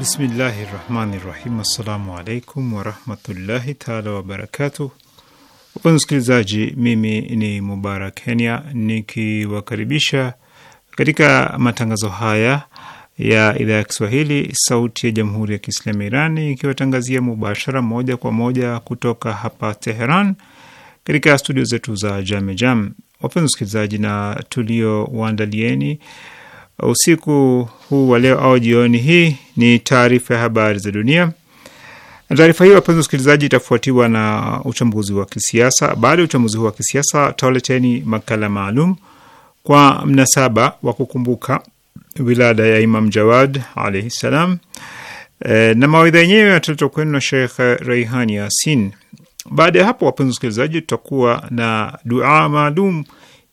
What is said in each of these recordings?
Bismillahi rahmani rahim. Assalamu alaikum warahmatullahi taala wabarakatuh. Wapenzi wasikilizaji, mimi ni Mubarak Kenya nikiwakaribisha katika matangazo haya ya idhaa ya Kiswahili sauti ya jamhuri ya Kiislamu ya Iran ikiwatangazia mubashara moja kwa moja kutoka hapa Teheran katika studio zetu za Jamejam. Wapenzi wasikilizaji, na tuliowaandalieni usiku huu wa leo au jioni hii ni taarifa ya habari za dunia. Taarifa hiyo, wapenzi wasikilizaji, itafuatiwa na uchambuzi wa kisiasa. Baada ya uchambuzi huu wa kisiasa, tutawaleteni makala maalum kwa mnasaba wa kukumbuka wilada ya Imam Jawad alaihi salam, e, na mawaidha yenyewe yataletwa kwenu na Sheikh Reihani Yasin. Baada ya hapo, wapenzi wasikilizaji, tutakuwa na dua maalum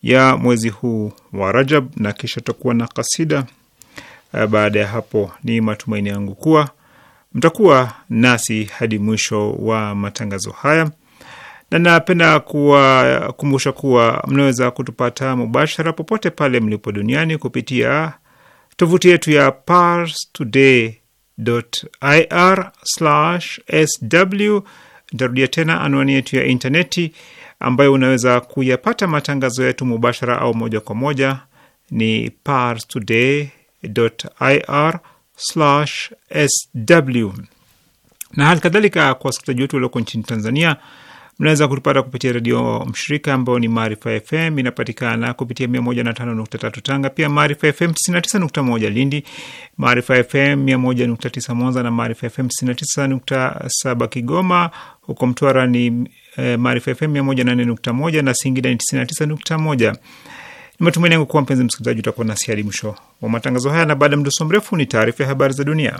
ya mwezi huu wa Rajab, na kisha tutakuwa na kasida. Eh, baada ya hapo, ni matumaini yangu kuwa mtakuwa nasi hadi mwisho wa matangazo haya, na napenda kuwakumbusha kuwa mnaweza kutupata mubashara popote pale mlipo duniani kupitia tovuti yetu ya parstoday.ir/sw. Nitarudia tena anwani yetu ya intaneti ambayo unaweza kuyapata matangazo yetu mubashara au moja kwa moja ni parstoday.ir/sw. Na hali kadhalika kwa wasikilizaji wetu walioko nchini Tanzania, mnaweza kutupata kupitia redio mshirika ambayo ni Maarifa FM, inapatikana kupitia 105.3 Tanga, pia Maarifa FM 99.1 Lindi, Maarifa FM 101.9 Mwanza na Maarifa FM 99.7 Kigoma. Huko Mtwara ni Eh, Maarifa FM moja na Singida ni 99.1. Ni matumaini yangu kuwa mpenzi msikilizaji utakuwa nasi hadi mwisho wa matangazo haya, na baada ya mdoso mrefu ni taarifa ya habari za dunia.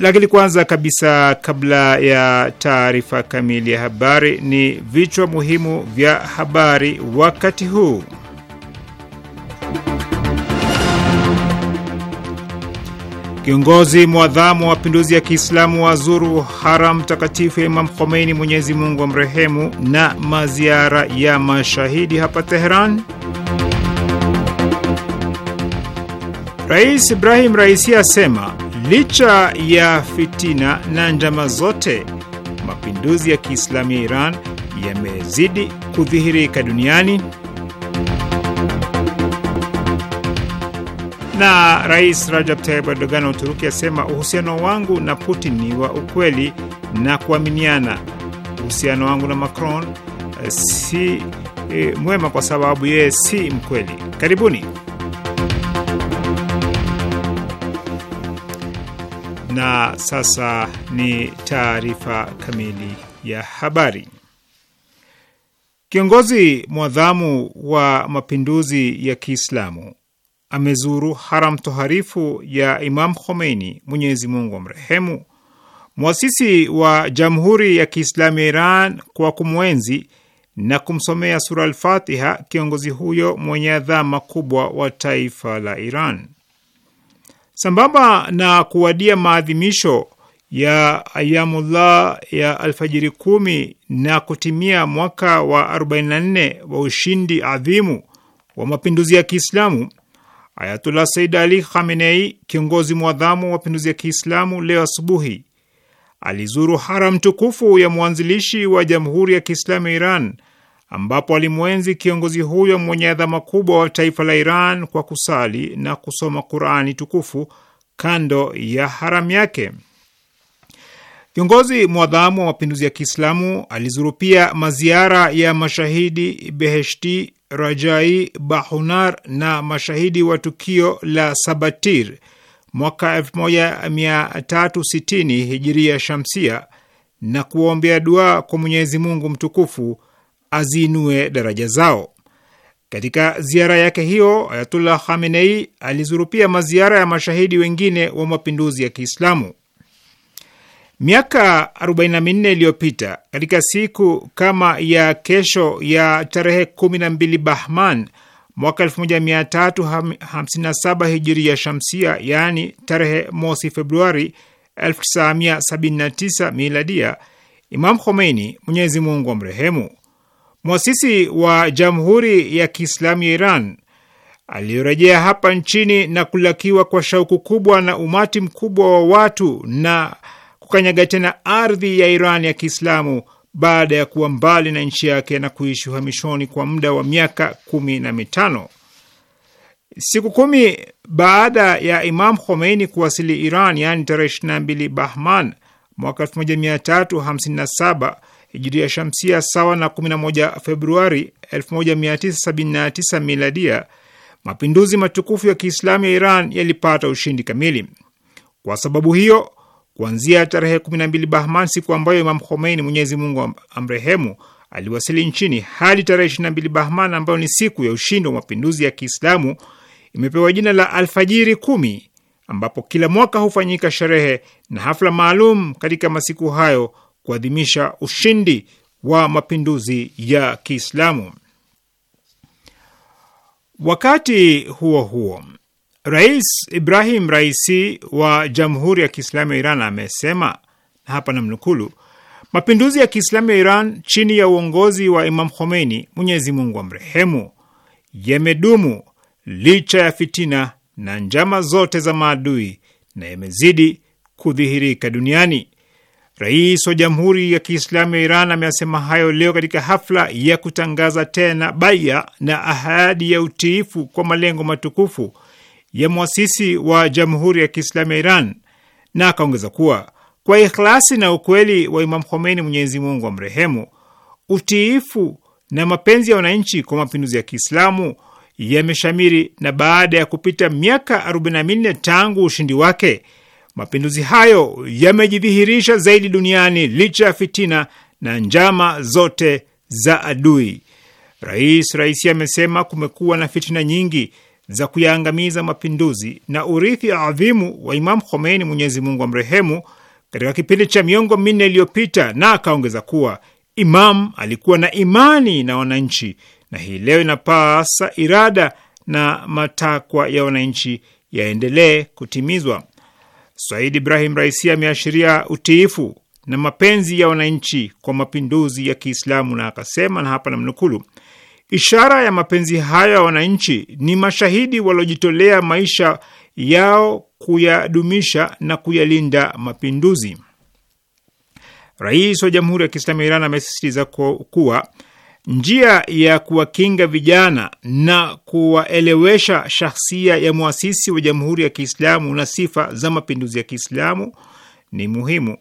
Lakini kwanza kabisa, kabla ya taarifa kamili ya habari, ni vichwa muhimu vya habari wakati huu. Kiongozi mwadhamu wa mapinduzi ya Kiislamu wazuru haram takatifu ya Imam Khomeini, Mwenyezi Mungu amrehemu, na maziara ya mashahidi hapa Teheran. Rais Ibrahim Raisi asema Licha ya fitina na njama zote, mapinduzi ya Kiislamu ya Iran yamezidi kudhihirika duniani na Rais Rajab Tayyip Erdogan wa Uturuki asema uhusiano wangu na Putin ni wa ukweli na kuaminiana. Uhusiano wangu na Macron eh, si e, mwema kwa sababu yeye si mkweli. Karibuni. Na sasa ni taarifa kamili ya habari. Kiongozi mwadhamu wa mapinduzi ya Kiislamu amezuru haram toharifu ya Imam Khomeini, Mwenyezi Mungu wa mrehemu, mwasisi wa Jamhuri ya Kiislamu ya Iran, kwa kumwenzi na kumsomea sura alfatiha kiongozi huyo mwenye adhama kubwa wa taifa la Iran. Sambamba na kuwadia maadhimisho ya Ayamullah ya alfajiri kumi na kutimia mwaka wa 44 wa ushindi adhimu wa mapinduzi ya Kiislamu, Ayatullah Said Ali Khamenei, kiongozi mwadhamu wa mapinduzi ya Kiislamu, leo asubuhi alizuru haram tukufu ya mwanzilishi wa Jamhuri ya Kiislamu ya Iran ambapo alimwenzi kiongozi huyo mwenye adhama kubwa wa taifa la Iran kwa kusali na kusoma Qurani tukufu kando ya haramu yake. Kiongozi mwadhamu wa mapinduzi ya Kiislamu alizuru pia maziara ya mashahidi Beheshti, Rajai, Bahunar na mashahidi wa tukio la Sabatir mwaka 1360 hijiria shamsia na kuwaombea dua kwa Mwenyezi Mungu mtukufu aziinue daraja zao. Katika ziara yake hiyo, Ayatullah Khamenei alizuru pia maziara ya mashahidi wengine wa mapinduzi ya Kiislamu. Miaka 44 iliyopita katika siku kama ya kesho ya tarehe 12 Bahman mwaka 1357 hijiri ya shamsia, yaani tarehe mosi Februari 1979 miladia, Imam Khomeini, Mwenyezi Mungu wa mrehemu, mwasisi wa Jamhuri ya Kiislamu ya Iran aliyorejea hapa nchini na kulakiwa kwa shauku kubwa na umati mkubwa wa watu na kukanyaga tena ardhi ya Iran ya Kiislamu baada ya kuwa mbali na nchi yake na kuishi uhamishoni kwa muda wa miaka kumi na mitano. Siku kumi baada ya Imam Khomeini kuwasili Iran, yaani tarehe 22 Bahman mwaka 1357 hijiria shamsia sawa na 11 Februari 1979 miladia, mapinduzi matukufu ya Kiislamu ya Iran yalipata ushindi kamili. Kwa sababu hiyo, kuanzia tarehe 12 Bahman, siku ambayo Imam Khomeini, Mwenyezi Mungu amrehemu, aliwasili nchini hadi tarehe 22 Bahman, ambayo ni siku ya ushindi wa mapinduzi ya Kiislamu, imepewa jina la Alfajiri Kumi, ambapo kila mwaka hufanyika sherehe na hafla maalum katika masiku hayo kuadhimisha ushindi wa mapinduzi ya Kiislamu. Wakati huo huo, Rais Ibrahim Raisi wa Jamhuri ya Kiislamu ya Iran amesema, na hapa namnukulu: mapinduzi ya Kiislamu ya Iran chini ya uongozi wa Imam Khomeini, Mwenyezi Mungu amrehemu, yamedumu licha ya fitina na njama zote za maadui na yamezidi kudhihirika duniani. Rais wa Jamhuri ya Kiislamu ya Iran ameyasema hayo leo katika hafla ya kutangaza tena baia na ahadi ya utiifu kwa malengo matukufu ya mwasisi wa Jamhuri ya Kiislamu ya Iran, na akaongeza kuwa kwa ikhlasi na ukweli wa Imam Khomeini, Mwenyezi Mungu wa mrehemu, utiifu na mapenzi ya wananchi kwa mapinduzi ya Kiislamu yameshamiri, na baada ya kupita miaka 44 tangu ushindi wake Mapinduzi hayo yamejidhihirisha zaidi duniani licha ya fitina na njama zote za adui. Rais Raisi amesema kumekuwa na fitina nyingi za kuyaangamiza mapinduzi na urithi adhimu wa Imam Khomeini, Mwenyezi Mungu amrehemu, katika kipindi cha miongo minne iliyopita, na akaongeza kuwa Imam alikuwa na imani na wananchi na hii leo inapasa irada na matakwa ya wananchi yaendelee kutimizwa. Said Ibrahim Raisi ameashiria utiifu na mapenzi ya wananchi kwa mapinduzi ya Kiislamu na akasema, na hapa namnukulu, ishara ya mapenzi hayo ya wananchi ni mashahidi waliojitolea maisha yao kuyadumisha na kuyalinda mapinduzi. Rais wa Jamhuri ya Kiislamu ya Iran amesisitiza kuwa njia ya kuwakinga vijana na kuwaelewesha shahsia ya mwasisi wa Jamhuri ya Kiislamu na sifa za mapinduzi ya Kiislamu ni muhimu,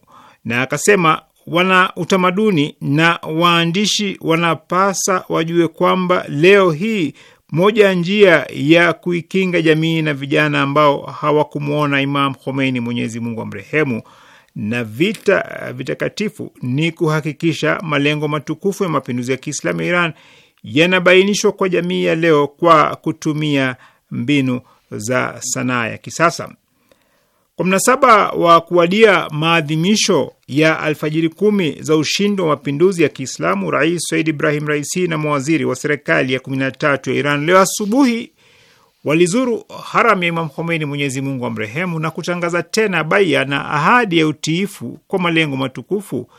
na akasema wana utamaduni na waandishi wanapasa wajue kwamba leo hii moja ya njia ya kuikinga jamii na vijana ambao hawakumwona Imam Khomeini, Mwenyezi Mungu amrehemu, na vita vitakatifu ni kuhakikisha malengo matukufu ya mapinduzi ya Kiislamu ya Iran yanabainishwa kwa jamii ya leo kwa kutumia mbinu za sanaa ya kisasa. Kwa mnasaba wa kuwadia maadhimisho ya alfajiri kumi za ushindi wa mapinduzi ya Kiislamu, Rais Said Ibrahim Raisi na mawaziri wa serikali ya kumi na tatu ya Iran leo asubuhi Walizuru haram ya Imam Khomeini, Mwenyezi Mungu mrehemu na kutangaza tena baia na ahadi ya utiifu kwa malengo matukufu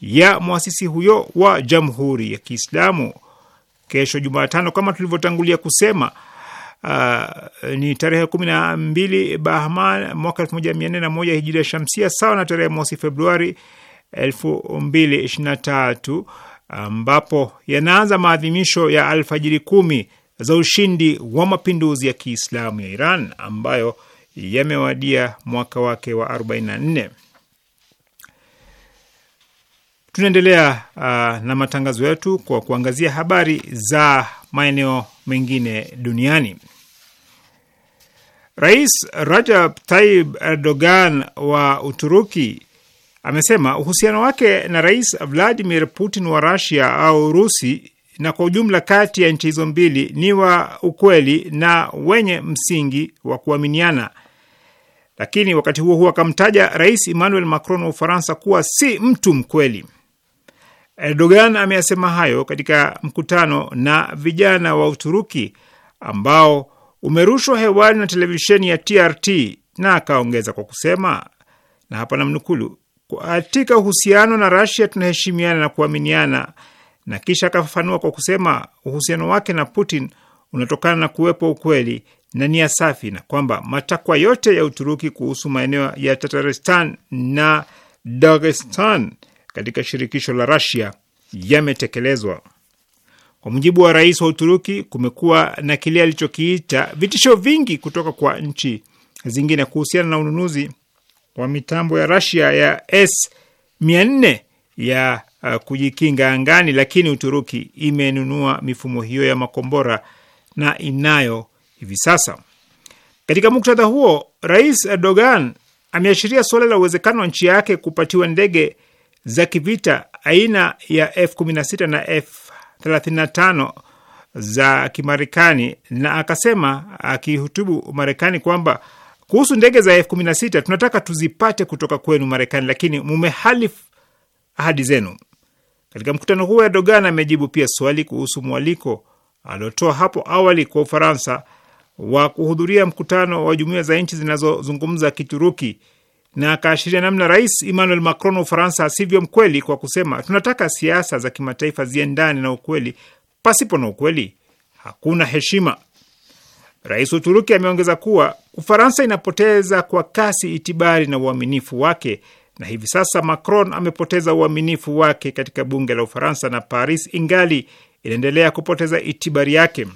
ya mwasisi huyo wa Jamhuri ya Kiislamu. Kesho Jumatano, kama tulivyotangulia kusema uh, ni tarehe kumi na mbili Bahman mwaka elfu moja mia nne na moja hijiria shamsia, sawa na tarehe mosi Februari elfu mbili ishirini na tatu ambapo yanaanza maadhimisho ya alfajiri kumi za ushindi wa mapinduzi ya Kiislamu ya Iran ambayo yamewadia mwaka wake wa 44. Tunaendelea uh, na matangazo yetu kwa kuangazia habari za maeneo mengine duniani. Rais Rajab Tayyip Erdogan wa Uturuki amesema uhusiano wake na Rais Vladimir Putin wa Russia au Urusi na kwa ujumla kati ya nchi hizo mbili ni wa ukweli na wenye msingi wa kuaminiana. Lakini wakati huo huo akamtaja Rais Emmanuel Macron wa Ufaransa kuwa si mtu mkweli. Erdogan ameyasema hayo katika mkutano na vijana wa Uturuki ambao umerushwa hewani na televisheni ya TRT, na akaongeza kwa kusema, na hapa namnukulu, katika uhusiano na Rasia tunaheshimiana na kuaminiana na kisha akafafanua kwa kusema uhusiano wake na Putin unatokana na kuwepo ukweli na nia safi na kwamba matakwa yote ya Uturuki kuhusu maeneo ya Tataristan na Dagestan katika shirikisho la Rasia yametekelezwa. Kwa mujibu wa rais wa Uturuki, kumekuwa na kile alichokiita vitisho vingi kutoka kwa nchi zingine kuhusiana na ununuzi wa mitambo ya Rasia ya S 400 ya Uh, kujikinga angani, lakini Uturuki imenunua mifumo hiyo ya makombora na inayo hivi sasa. Katika muktadha huo, Rais Erdogan ameashiria suala la uwezekano wa nchi yake kupatiwa ndege za kivita aina ya F16 na F35 za Kimarekani na akasema akihutubu Marekani kwamba kuhusu ndege za F16 tunataka tuzipate kutoka kwenu Marekani, lakini mumehalifu ahadi zenu. Katika mkutano huo Erdogan amejibu pia swali kuhusu mwaliko aliotoa hapo awali kwa Ufaransa wa kuhudhuria mkutano wa jumuiya za nchi zinazozungumza Kituruki na akaashiria namna Rais Emmanuel Macron wa Ufaransa asivyo mkweli kwa kusema, tunataka siasa za kimataifa ziendane na ukweli. Pasipo na ukweli hakuna heshima. Rais wa Uturuki ameongeza kuwa Ufaransa inapoteza kwa kasi itibari na uaminifu wake na hivi sasa Macron amepoteza uaminifu wake katika bunge la Ufaransa na Paris ingali inaendelea kupoteza itibari yake.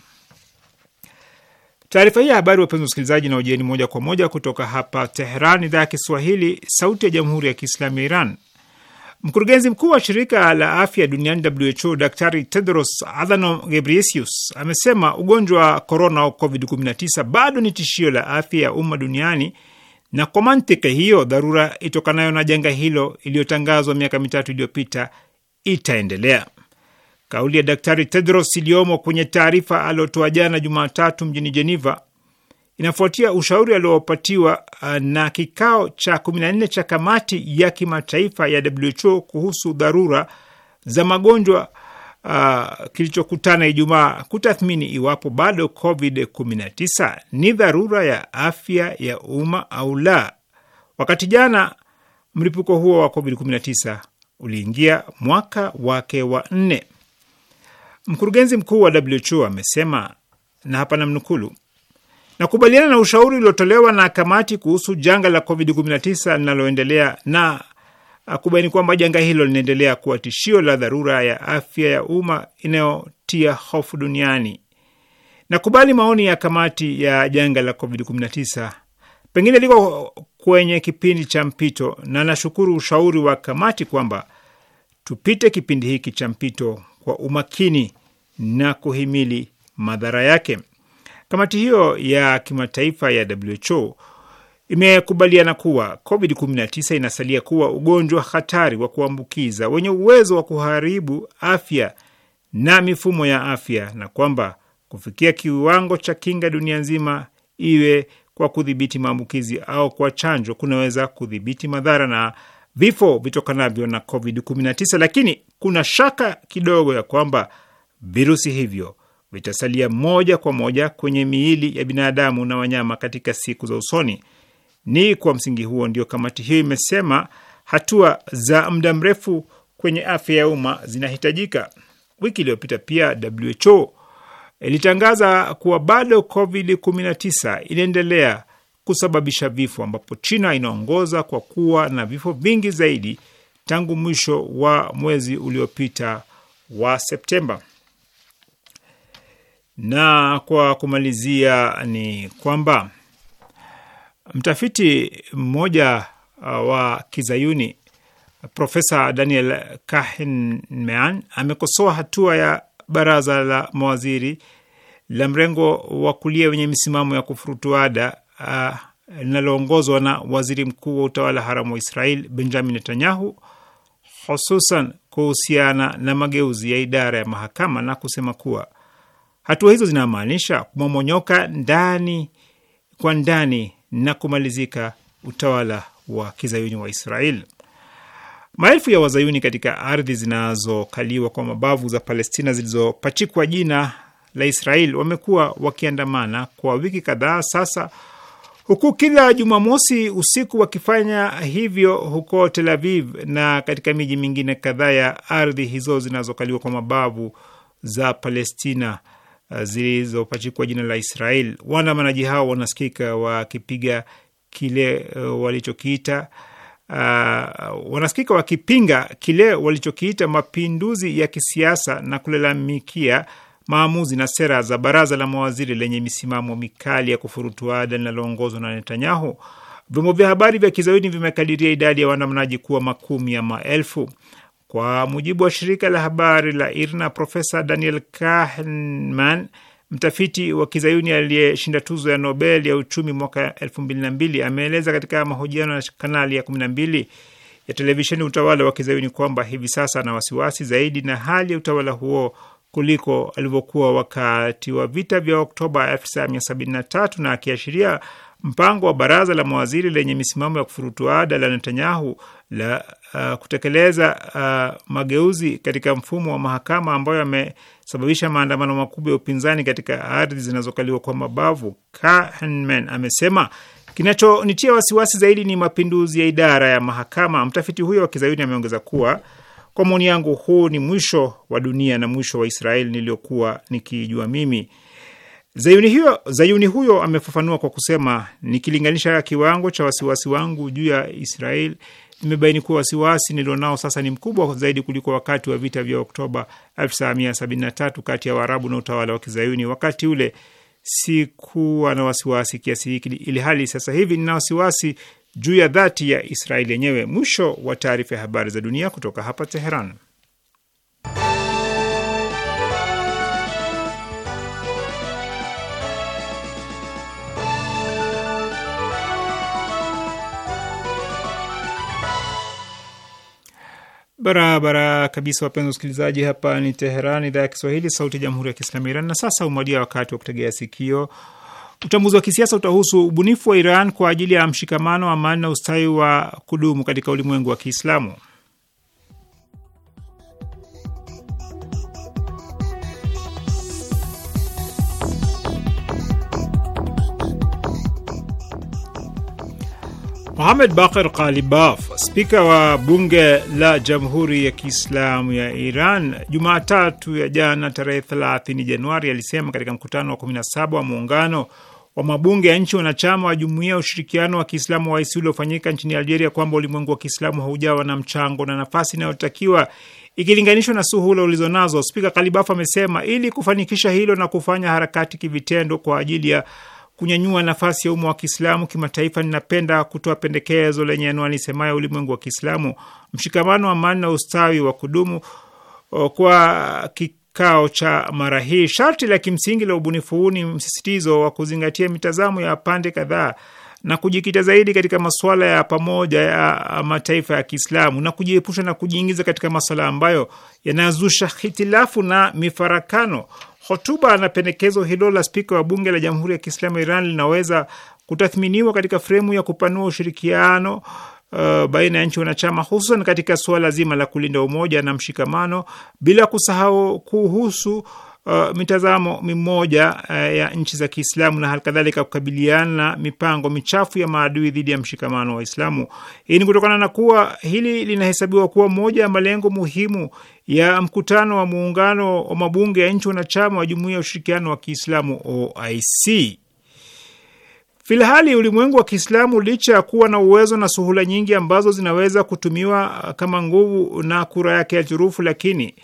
Taarifa hii ya habari, wapenzi wasikilizaji, na ujieni moja kwa moja kutoka hapa Teheran, idhaa ya Kiswahili, sauti ya jamhuri ya kiislamu ya Iran. Mkurugenzi mkuu wa shirika la afya duniani WHO, Daktari Tedros Adhanom Ghebreyesus amesema ugonjwa wa corona au COVID-19 bado ni tishio la afya ya umma duniani na kwa mantiki hiyo, dharura itokanayo na janga hilo iliyotangazwa miaka mitatu iliyopita itaendelea. Kauli ya Daktari Tedros iliyomo kwenye taarifa aliyotoa jana Jumatatu mjini Jeneva inafuatia ushauri aliopatiwa uh, na kikao cha 14 cha kamati ya kimataifa ya WHO kuhusu dharura za magonjwa uh, kilichokutana Ijumaa kutathmini iwapo bado COVID-19 ni dharura ya afya ya umma au la. Wakati jana mlipuko huo wa COVID-19 uliingia mwaka wake wa nne. Mkurugenzi mkuu wa WHO amesema, na hapa namnukulu, nakubaliana na ushauri uliotolewa na kamati kuhusu janga la COVID-19 linaloendelea na kubaini kwamba janga hilo linaendelea kuwa tishio la dharura ya afya ya umma inayotia hofu duniani. na kubali maoni ya kamati ya janga la COVID-19, pengine liko kwenye kipindi cha mpito, na nashukuru ushauri wa kamati kwamba tupite kipindi hiki cha mpito kwa umakini na kuhimili madhara yake. Kamati hiyo ya kimataifa ya WHO imekubaliana kuwa COVID-19 inasalia kuwa ugonjwa hatari wa kuambukiza wenye uwezo wa kuharibu afya na mifumo ya afya na kwamba kufikia kiwango cha kinga dunia nzima, iwe kwa kudhibiti maambukizi au kwa chanjo, kunaweza kudhibiti madhara na vifo vitokanavyo na COVID-19, lakini kuna shaka kidogo ya kwamba virusi hivyo vitasalia moja kwa moja kwenye miili ya binadamu na wanyama katika siku za usoni. Ni kwa msingi huo ndio kamati hiyo imesema hatua za muda mrefu kwenye afya ya umma zinahitajika. Wiki iliyopita pia WHO ilitangaza kuwa bado COVID-19 inaendelea kusababisha vifo, ambapo China inaongoza kwa kuwa na vifo vingi zaidi tangu mwisho wa mwezi uliopita wa Septemba. Na kwa kumalizia ni kwamba Mtafiti mmoja uh, wa kizayuni Profesa Daniel Kahneman amekosoa hatua ya baraza la mawaziri la mrengo wa kulia wenye misimamo ya kufurutuada uh, linaloongozwa na waziri mkuu wa utawala haramu wa Israel Benjamin Netanyahu, hususan kuhusiana na mageuzi ya idara ya mahakama na kusema kuwa hatua hizo zinamaanisha kumomonyoka ndani kwa ndani na kumalizika utawala wa kizayuni wa Israel. Maelfu ya wazayuni katika ardhi zinazokaliwa kwa mabavu za Palestina zilizopachikwa jina la Israel wamekuwa wakiandamana kwa wiki kadhaa sasa, huku kila Jumamosi usiku wakifanya hivyo huko Tel Aviv na katika miji mingine kadhaa ya ardhi hizo zinazokaliwa kwa mabavu za Palestina Eh, zilizopachikwa jina la Israel. Waandamanaji hao wanasikika wakipiga kile uh, walichokiita uh, wanasikika wakipinga kile walichokiita mapinduzi ya kisiasa na kulalamikia maamuzi na sera za baraza la mawaziri lenye misimamo mikali ya kufurutuada linaloongozwa na Netanyahu. Vyombo vya habari vya kizayuni vimekadiria idadi ya waandamanaji kuwa makumi ya maelfu. Kwa mujibu wa shirika la habari la IRNA, Profesa Daniel Kahneman, mtafiti wa kizayuni aliyeshinda tuzo ya Nobel ya uchumi mwaka elfu mbili na mbili ameeleza katika mahojiano na kanali ya kumi na mbili ya televisheni utawala wa kizayuni kwamba hivi sasa ana wasiwasi zaidi na hali ya utawala huo kuliko alivyokuwa wakati wa vita vya Oktoba 1973 na akiashiria mpango wa baraza la mawaziri lenye misimamo ya kufurutuada la Netanyahu la uh, kutekeleza uh, mageuzi katika mfumo wa mahakama ambayo yamesababisha maandamano makubwa ya upinzani katika ardhi zinazokaliwa kwa mabavu. Kahnman amesema kinachonitia wasiwasi zaidi ni mapinduzi ya idara ya mahakama. Mtafiti huyo wa kizayuni ameongeza kuwa kwa maoni yangu, huu ni mwisho wa dunia na mwisho wa Israeli niliyokuwa nikijua mimi. Zayuni huyo, Zayuni huyo amefafanua kwa kusema, nikilinganisha kiwango cha wasiwasi wangu juu ya Israeli imebaini kuwa wasiwasi nilionao sasa ni mkubwa zaidi kuliko wakati wa vita vya Oktoba 1973 kati ya Waarabu na utawala wa Kizayuni. Wakati ule sikuwa na wasiwasi kiasi hiki, ili hali sasa hivi nina wasiwasi juu ya dhati ya Israeli yenyewe. Mwisho wa taarifa ya habari za dunia kutoka hapa Teheran. Barabara kabisa, wapenzi wasikilizaji, hapa ni Teheran, idhaa ya Kiswahili, sauti ya jamhuri ya kiislamu ya Iran. Na sasa umewadia wakati wa kutegea sikio. Uchambuzi wa kisiasa utahusu ubunifu wa Iran kwa ajili ya mshikamano, amani na ustawi wa kudumu katika ulimwengu wa Kiislamu. Mohamed Bakir Kalibaf, spika wa bunge la Jamhuri ya Kiislamu ya Iran, Jumatatu ya jana tarehe 30 Januari, alisema katika mkutano wa 17 wa muungano wa mabunge ya nchi wanachama wa Jumuiya ya Ushirikiano wa Kiislamu wa IC uliofanyika nchini Algeria kwamba ulimwengu wa Kiislamu haujawa na mchango na nafasi inayotakiwa ikilinganishwa na suhula ulizonazo. Spika Kalibaf amesema ili kufanikisha hilo na kufanya harakati kivitendo kwa ajili ya kunyanyua nafasi ya umma wa Kiislamu kimataifa, ninapenda kutoa pendekezo lenye anwani semayo ulimwengu wa Kiislamu, mshikamano, amani na ustawi wa kudumu oh, kwa kikao cha mara hii. Sharti la kimsingi la ubunifu huu ni msisitizo wa kuzingatia mitazamo ya pande kadhaa na kujikita zaidi katika masuala ya pamoja ya mataifa ya Kiislamu na kujiepusha na kujiingiza katika masuala ambayo yanazusha hitilafu na mifarakano. Hotuba na pendekezo hilo la spika wa bunge la Jamhuri ya Kiislamu ya Iran linaweza kutathminiwa katika fremu ya kupanua ushirikiano Uh, baina ya nchi wanachama hususan katika suala zima la kulinda umoja na mshikamano bila kusahau kuhusu uh, mitazamo mimoja uh, ya nchi za Kiislamu na hali kadhalika kukabiliana na mipango michafu ya maadui dhidi ya mshikamano wa Waislamu. Hii ni kutokana na kuwa hili linahesabiwa kuwa moja ya malengo muhimu ya mkutano wa muungano wa mabunge ya nchi wanachama wa Jumuiya ya Ushirikiano wa Kiislamu OIC. Filhali ulimwengu wa Kiislamu licha ya kuwa na uwezo na suhula nyingi ambazo zinaweza kutumiwa eh, kama nguvu na kura yake ya turufu, lakini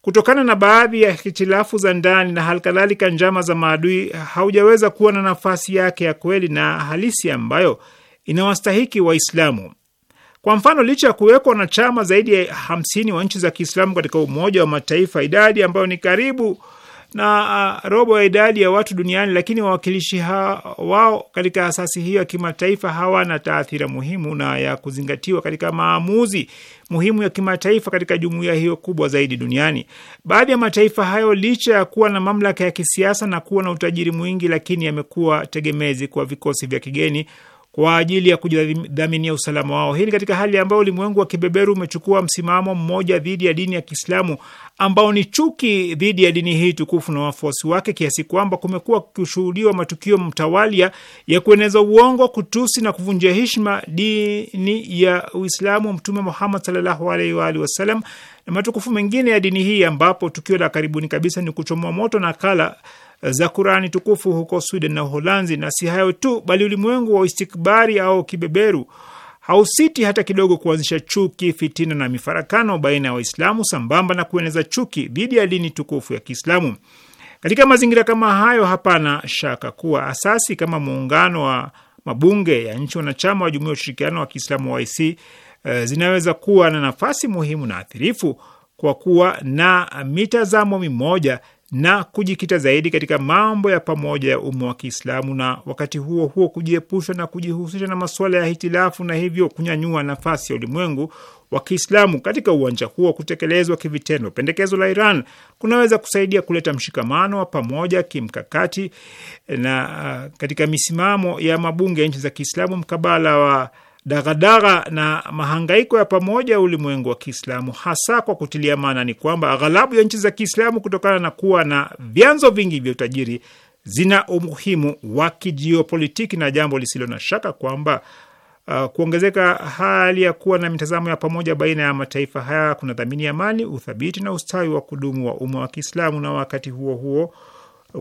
kutokana na baadhi ya hitilafu za ndani na halikadhalika njama za maadui, haujaweza kuwa na nafasi yake ya kweli na halisi ambayo inawastahiki Waislamu. Kwa mfano, licha ya kuwekwa wanachama zaidi ya hamsini wa nchi za Kiislamu katika Umoja wa Mataifa, idadi ambayo ni karibu na uh, robo ya idadi ya watu duniani, lakini wawakilishi wao katika asasi hiyo ya kimataifa hawana taathira muhimu na ya kuzingatiwa katika maamuzi muhimu ya kimataifa katika jumuiya hiyo kubwa zaidi duniani. Baadhi ya mataifa hayo, licha ya kuwa na mamlaka ya kisiasa na kuwa na utajiri mwingi, lakini yamekuwa tegemezi kwa vikosi vya kigeni kwa ajili ya kujidhaminia usalama wao. Hii ni katika hali ambayo ulimwengu wa kibeberu umechukua msimamo mmoja dhidi ya dini ya Kiislamu ambao ni chuki dhidi ya dini hii tukufu na wafuasi wake, kiasi kwamba kumekuwa kushuhudiwa matukio mtawalia ya kueneza uongo, kutusi na kuvunjia heshima dini ya Uislamu wa Mtume Muhammad sallallahu alaihi wa alihi wasallam na matukufu mengine ya dini hii, ambapo tukio la karibuni kabisa ni kuchomoa moto na kala za Qurani tukufu huko Sweden na Uholanzi. Na si hayo tu, bali ulimwengu wa istikbari au kibeberu hausiti hata kidogo kuanzisha chuki, fitina na mifarakano baina ya Waislamu sambamba na kueneza chuki dhidi ya dini tukufu ya Kiislamu. Katika mazingira kama hayo, hapana shaka kuwa asasi kama muungano wa mabunge ya nchi wanachama wa Jumuiya ya Ushirikiano wa Kiislamu wa OIC eh, zinaweza kuwa na nafasi muhimu na athirifu kwa kuwa na mitazamo mimoja na kujikita zaidi katika mambo ya pamoja ya umma wa Kiislamu na wakati huo huo kujiepusha na kujihusisha na masuala ya hitilafu na hivyo kunyanyua nafasi ya ulimwengu wa Kiislamu katika uwanja huo. Kutekelezwa kivitendo pendekezo la Iran kunaweza kusaidia kuleta mshikamano wa pamoja kimkakati na uh, katika misimamo ya mabunge ya nchi za Kiislamu mkabala wa dagadaga na mahangaiko ya pamoja ya ulimwengu wa Kiislamu, hasa kwa kutilia maana ni kwamba aghalabu ya nchi za Kiislamu, kutokana na kuwa na vyanzo vingi vya utajiri, zina umuhimu wa kijiopolitiki na jambo lisilo na shaka kwamba Uh, kuongezeka hali ya kuwa na mitazamo ya pamoja baina ya mataifa haya kuna dhamini amani, uthabiti na ustawi wa kudumu wa umma wa Kiislamu, na wakati huo huo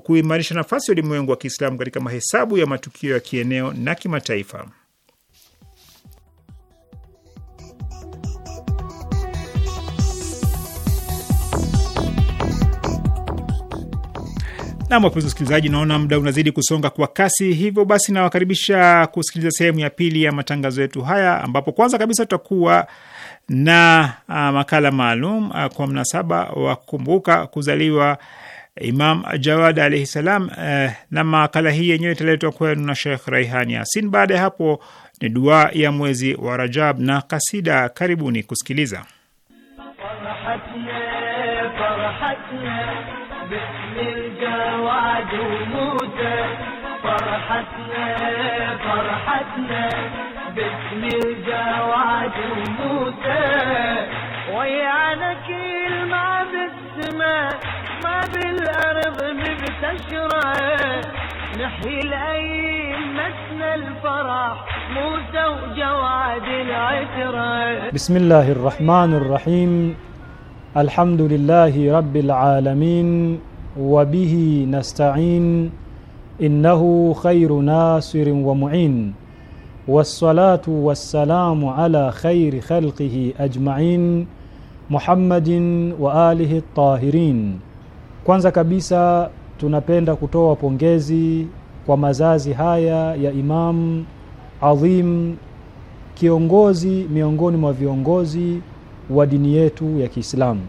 kuimarisha nafasi ya ulimwengu wa Kiislamu katika mahesabu ya matukio ya kieneo na kimataifa. Nam, wapenzi wasikilizaji, naona muda unazidi kusonga kwa kasi, hivyo basi nawakaribisha kusikiliza sehemu ya pili ya matangazo yetu haya, ambapo kwanza kabisa tutakuwa na a, uh, makala maalum a, uh, kwa mnasaba wa kukumbuka kuzaliwa Imam Jawad alaihi salam, eh, na makala hii yenyewe italetwa kwenu na Shekh Raihani Yasin. Baada ya hapo ni dua ya mwezi wa Rajab na kasida. Karibuni kusikiliza وجموده فرحتنا فرحتنا باسم الجواد وموته ويانا كل ما بالسماء ما بالارض مبتشره نحيي لأئمتنا الفرح موسى وجواد العترة بسم الله الرحمن الرحيم الحمد لله رب العالمين wabihi nastain innahu khairu nasirin wa muin wassalatu wassalamu ala khairi khalqihi ajmain muhammadin wa alihi ltahirin. Kwanza kabisa tunapenda kutoa pongezi kwa mazazi haya ya Imam adhim, kiongozi miongoni mwa viongozi wa dini yetu ya Kiislamu.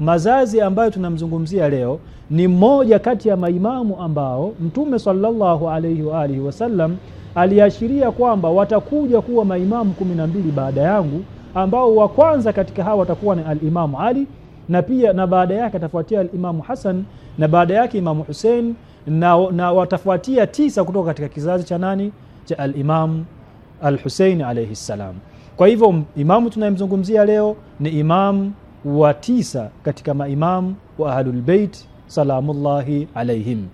Mazazi ambayo tunamzungumzia leo ni mmoja kati ya maimamu ambao Mtume sallallahu alaihi wa alihi wasallam aliashiria kwamba watakuja kuwa maimamu kumi na mbili baada yangu, ambao wa kwanza katika hawa watakuwa ni alimamu Ali na pia na baada yake atafuatia alimamu Hasan na baada yake imamu Husein na, na watafuatia tisa kutoka katika kizazi cha nani cha alimamu Alhusein alaihi ssalam. Kwa hivyo imamu tunayemzungumzia leo ni imamu wa tisa katika maimamu wa Ahlulbeit salamullahi alaihim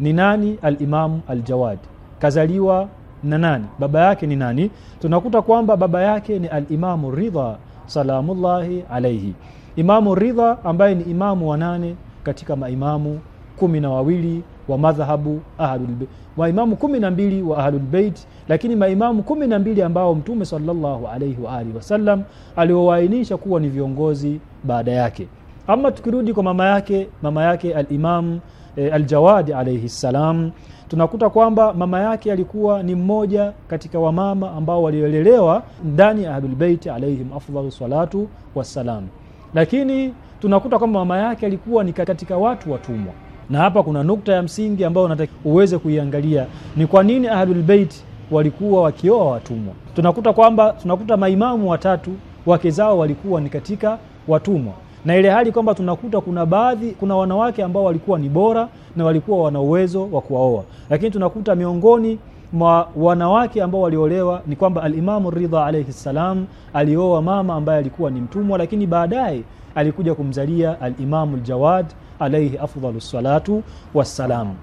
ni nani alimamu aljawad kazaliwa na nani baba yake ni nani tunakuta kwamba baba yake ni alimamu Ridha salamullahi alaihi Imamu Ridha ambaye ni imamu wa nane katika maimamu kumi na wawili wa madhahabu ahlulbeit maimamu kumi na mbili wa ahlulbeit lakini maimamu kumi na mbili ambao mtume salllahu alaihi waalihi wasallam aliwawainisha kuwa ni viongozi baada yake ama tukirudi kwa mama yake mama yake alimamu e, eh, aljawadi alaihi ssalam salam tunakuta kwamba mama yake alikuwa ni mmoja katika wamama ambao waliolelewa ndani ya ahlulbeiti alaihim alayhim afdhalu salatu wassalam lakini tunakuta kwamba mama yake alikuwa ni katika watu watumwa na hapa kuna nukta ya msingi ambayo nataki uweze kuiangalia ni kwa nini ahlulbeiti walikuwa wakioa watumwa tunakuta kwamba tunakuta maimamu watatu wake zao walikuwa ni katika watumwa na ile hali kwamba tunakuta kuna baadhi, kuna wanawake ambao walikuwa ni bora na walikuwa wana uwezo wa kuwaoa, lakini tunakuta miongoni mwa wanawake ambao waliolewa ni kwamba Alimamu Ridha alaihi ssalam alioa mama ambaye alikuwa ni mtumwa, lakini baadaye alikuja kumzalia Alimamu Ljawad alaihi afdalu salatu wassalam.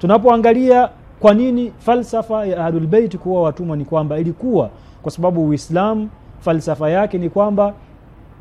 Tunapoangalia kwa nini falsafa ya Ahlulbeiti kuoa watumwa, ni kwamba ilikuwa kwa sababu Uislamu falsafa yake ni kwamba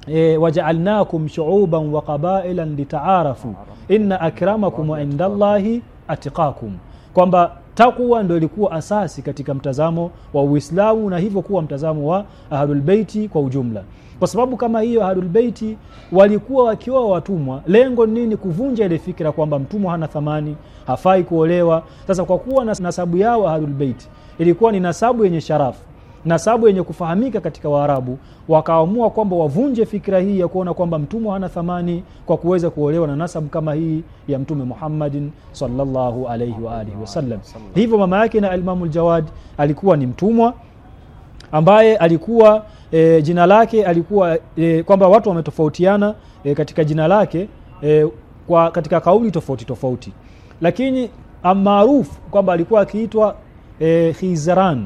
e, wajaalnakum shuuban wa qabailan litaarafu inna akramakum inda llahi atikakum kwamba takwa ndo ilikuwa asasi katika mtazamo wa uislamu na hivyo kuwa mtazamo wa ahlulbeiti kwa ujumla kwa sababu kama hiyo ahlulbeiti walikuwa wakioa watumwa lengo nini kuvunja ile fikira kwamba mtumwa hana thamani hafai kuolewa sasa kwa kuwa nasabu yao ahlulbeiti ilikuwa ni nasabu yenye sharafu nasabu yenye kufahamika katika waarabu wakaamua kwamba wavunje fikira hii ya kuona kwamba mtumwa hana thamani kwa kuweza kuolewa na nasabu kama hii ya mtume muhammadin salllahu alaihi waalihi wasallam hivyo mama yake na alimamu ljawad alikuwa ni mtumwa ambaye alikuwa e, jina lake alikuwa e, kwamba watu wametofautiana e, katika jina lake e, kwa katika kauli tofauti tofauti lakini maarufu kwamba alikuwa akiitwa e, khizran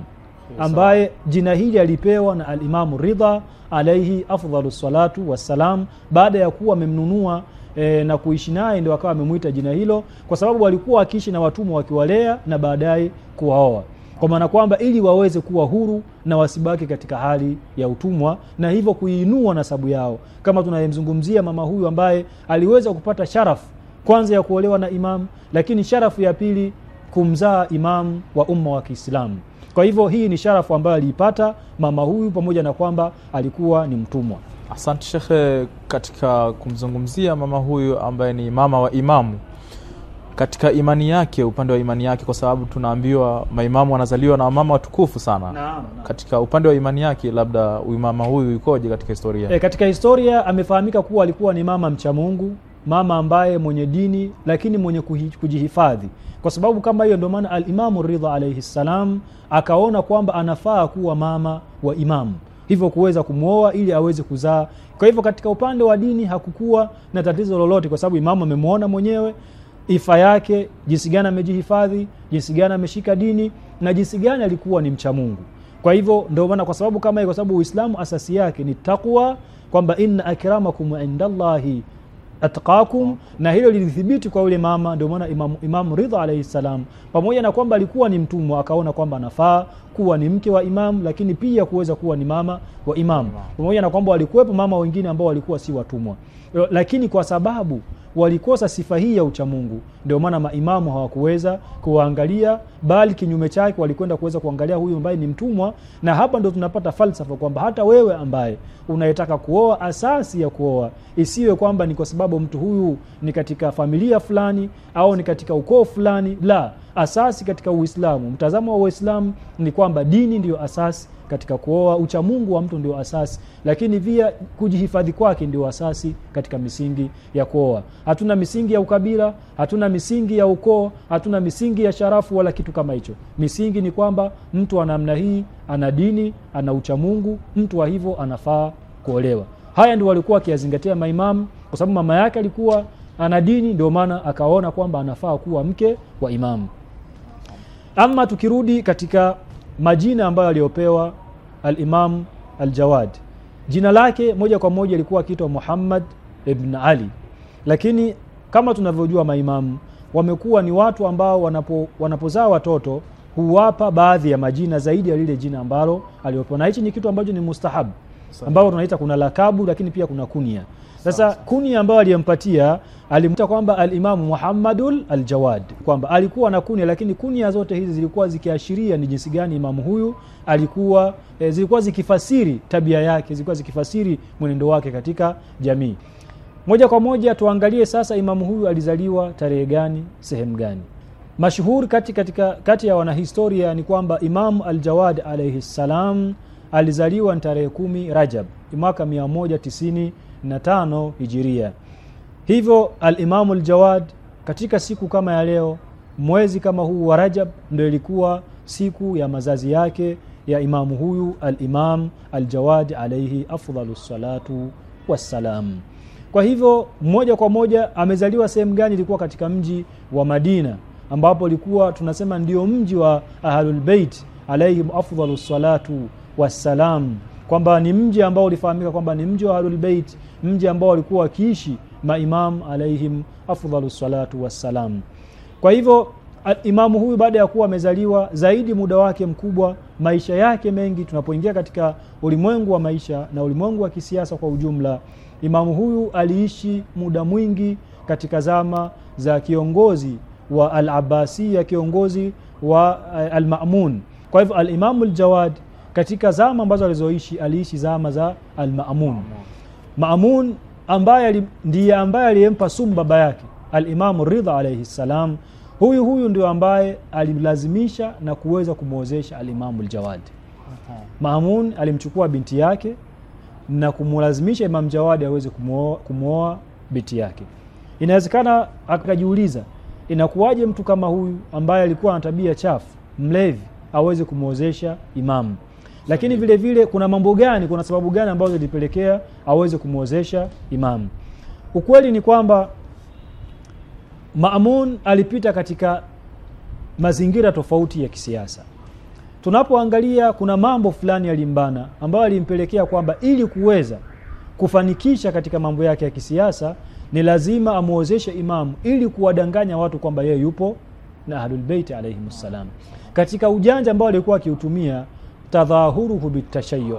ambaye jina hili alipewa na alimamu ridha alaihi afdhalu salatu wassalam baada ya kuwa amemnunua e, na kuishi naye ndio akawa amemwita jina hilo kwa sababu walikuwa wakiishi na watumwa wakiwalea na baadaye kuwaoa kwa maana kwamba ili waweze kuwa huru na wasibaki katika hali ya utumwa na hivyo kuiinua nasabu yao kama tunayemzungumzia mama huyu ambaye aliweza kupata sharafu kwanza ya kuolewa na imamu lakini sharafu ya pili kumzaa imamu wa umma wa Kiislamu. Kwa hivyo hii ni sharafu ambayo aliipata mama huyu, pamoja na kwamba alikuwa ni mtumwa. Asante Shekhe, katika kumzungumzia mama huyu ambaye ni mama wa imamu katika imani yake, upande wa imani yake, kwa sababu tunaambiwa maimamu wanazaliwa na wamama watukufu sana na, na. Katika upande wa imani yake, labda mama huyu ikoje katika historia? E, katika historia amefahamika kuwa alikuwa ni mama mcha Mungu, mama ambaye mwenye dini lakini mwenye kujihifadhi kwa sababu kama hiyo ndio maana alimamu ridha alaihi ssalam akaona kwamba anafaa kuwa mama wa imamu hivyo kuweza kumwoa ili aweze kuzaa kwa hivyo katika upande wa dini hakukuwa na tatizo lolote kwa sababu imamu amemwona mwenyewe ifa yake jinsi gani amejihifadhi jinsi gani ameshika dini na jinsi gani alikuwa ni mcha mungu kwa hivyo ndio maana kwa sababu kama kwa sababu uislamu asasi yake ni takwa kwamba inna akramakum indallahi atqakum, na hilo lilithibiti kwa yule mama. Ndio maana Imamu Imam Ridha alaihi ssalam pamoja na kwamba alikuwa ni mtumwa, akaona kwamba anafaa kuwa ni mke wa imamu, lakini pia kuweza kuwa ni mama wa imamu, pamoja na kwamba walikuwepo mama wengine ambao walikuwa si watumwa, lakini kwa sababu walikosa sifa hii ya uchamungu, ndio maana maimamu hawakuweza kuwaangalia, bali kinyume chake walikwenda kuweza kuangalia huyu ambaye ni mtumwa. Na hapa ndo tunapata falsafa kwamba hata wewe ambaye unayetaka kuoa, asasi ya kuoa isiwe kwamba ni kwa sababu mtu huyu ni katika familia fulani au ni katika ukoo fulani, la asasi katika uislamu mtazamo wa uislamu ni kwamba dini ndiyo asasi katika kuoa uchamungu wa mtu ndio asasi lakini pia kujihifadhi kwake ndio asasi katika misingi ya kuoa hatuna misingi ya ukabila hatuna misingi ya ukoo hatuna misingi ya sharafu wala kitu kama hicho misingi ni kwamba mtu wa namna hii ana dini ana uchamungu mtu wa hivyo anafaa kuolewa haya ndio walikuwa akiyazingatia maimamu kwa sababu mama yake alikuwa ana dini ndio maana akaona kwamba anafaa kuwa mke wa imamu ama tukirudi katika majina ambayo aliyopewa al-Imam al-Jawad, jina lake moja kwa moja ilikuwa akiitwa Muhammad ibn Ali, lakini kama tunavyojua maimamu wamekuwa ni watu ambao wanapo, wanapozaa watoto huwapa baadhi ya majina zaidi ya lile jina ambalo aliopewa, na hichi ni kitu ambacho ni mustahab ambao tunaita kuna lakabu, lakini pia kuna kunia. Sasa kuni ambayo aliyempatia alimta kwamba alimamu Muhammadul Aljawad, kwamba alikuwa na kunia, lakini kunia zote hizi zilikuwa zikiashiria ni jinsi gani imamu huyu alikuwa e, zilikuwa zikifasiri tabia yake, zilikuwa zikifasiri mwenendo wake katika jamii. Moja kwa moja tuangalie sasa, imamu huyu alizaliwa tarehe gani, sehemu gani? Mashuhuri kati, katika, kati ya wanahistoria ni kwamba Imamu Aljawad alaihi ssalam alizaliwa ni tarehe kumi Rajab mwaka 5 hijiria hivyo al ljawad al-Jawad katika siku kama ya leo mwezi kama huu wa Rajab ndio ilikuwa siku ya mazazi yake ya imamu huyu al-Imam al-Jawad alayhi salatu wassalam kwa hivyo moja kwa moja amezaliwa sehemu gani ilikuwa katika mji wa Madina ambapo ilikuwa tunasema ndio mji wa Ahlul Bait alayhim salatu wassalam kwamba ni mji ambao ulifahamika kwamba ni mji wa Ahlul Bait mji ambao walikuwa wakiishi maimam alaihim afdhalu salatu wassalam kwa hivyo imamu huyu baada ya kuwa amezaliwa zaidi muda wake mkubwa maisha yake mengi tunapoingia katika ulimwengu wa maisha na ulimwengu wa kisiasa kwa ujumla imamu huyu aliishi muda mwingi katika zama za kiongozi wa alabasiya kiongozi wa eh, almamun kwa hivyo alimamu ljawad katika zama ambazo alizoishi aliishi zama za almamun Maamun ambaye ndiye ambaye aliyempa sumu baba yake Alimamu Ridha alaihi ssalam, huyu huyu ndio ambaye alilazimisha na kuweza kumwozesha Alimamu Ljawadi. Maamun alimchukua binti yake na kumlazimisha Imam Jawadi aweze kumwoa binti yake. Inawezekana akajiuliza inakuwaje mtu kama huyu ambaye alikuwa na tabia chafu, mlevi, aweze kumwozesha imamu? lakini vile vile kuna mambo gani, kuna sababu gani ambazo zilipelekea aweze kumwozesha imamu? Ukweli ni kwamba Maamun alipita katika mazingira tofauti ya kisiasa. Tunapoangalia kuna mambo fulani yalimbana ambayo alimpelekea kwamba ili kuweza kufanikisha katika mambo yake ya kisiasa ni lazima amwozeshe imamu ili kuwadanganya watu kwamba yeye yupo na Ahlulbeiti alaihimssalam. Katika ujanja ambao alikuwa akiutumia tadhahuruhu bitashayu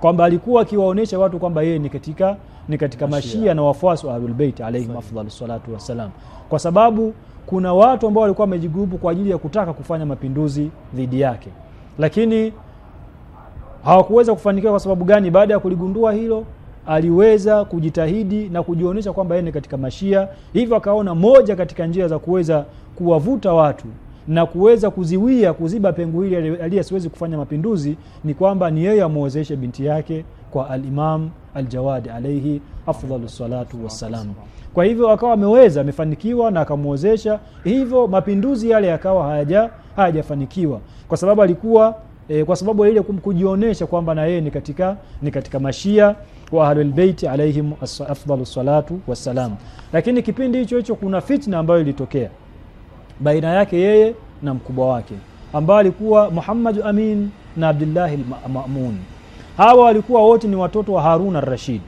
kwamba alikuwa akiwaonesha watu kwamba yeye ni katika ni katika mashia, mashia na wafuasi wa Ahlul Bait alayhim salatu wassalam, kwa sababu kuna watu ambao walikuwa wamejigrupu kwa ajili ya kutaka kufanya mapinduzi dhidi yake, lakini hawakuweza kufanikiwa. Kwa sababu gani? Baada ya kuligundua hilo, aliweza kujitahidi na kujionyesha kwamba yeye ni katika mashia, hivyo akaona moja katika njia za kuweza kuwavuta watu na kuweza kuziwia kuziba pengo hili aliye asiwezi kufanya mapinduzi ni kwamba ni yeye amwezeshe binti yake kwa alimam aljawadi alaihi afdhalu salatu wassalam kwa hivyo akawa ameweza amefanikiwa na akamwezesha hivyo mapinduzi yale yakawa hayaja hayajafanikiwa kwa sababu alikuwa e, kwa sababu ile kujionyesha kwamba na yeye ni katika ni katika mashia wa ahlulbeiti alaihim afdhalu salatu wassalam lakini kipindi hicho hicho kuna fitna ambayo ilitokea baina yake yeye na mkubwa wake ambao alikuwa Muhammad Amin na Abdullah al-Ma'mun. Hawa walikuwa wote ni watoto wa Harun ar-Rashid.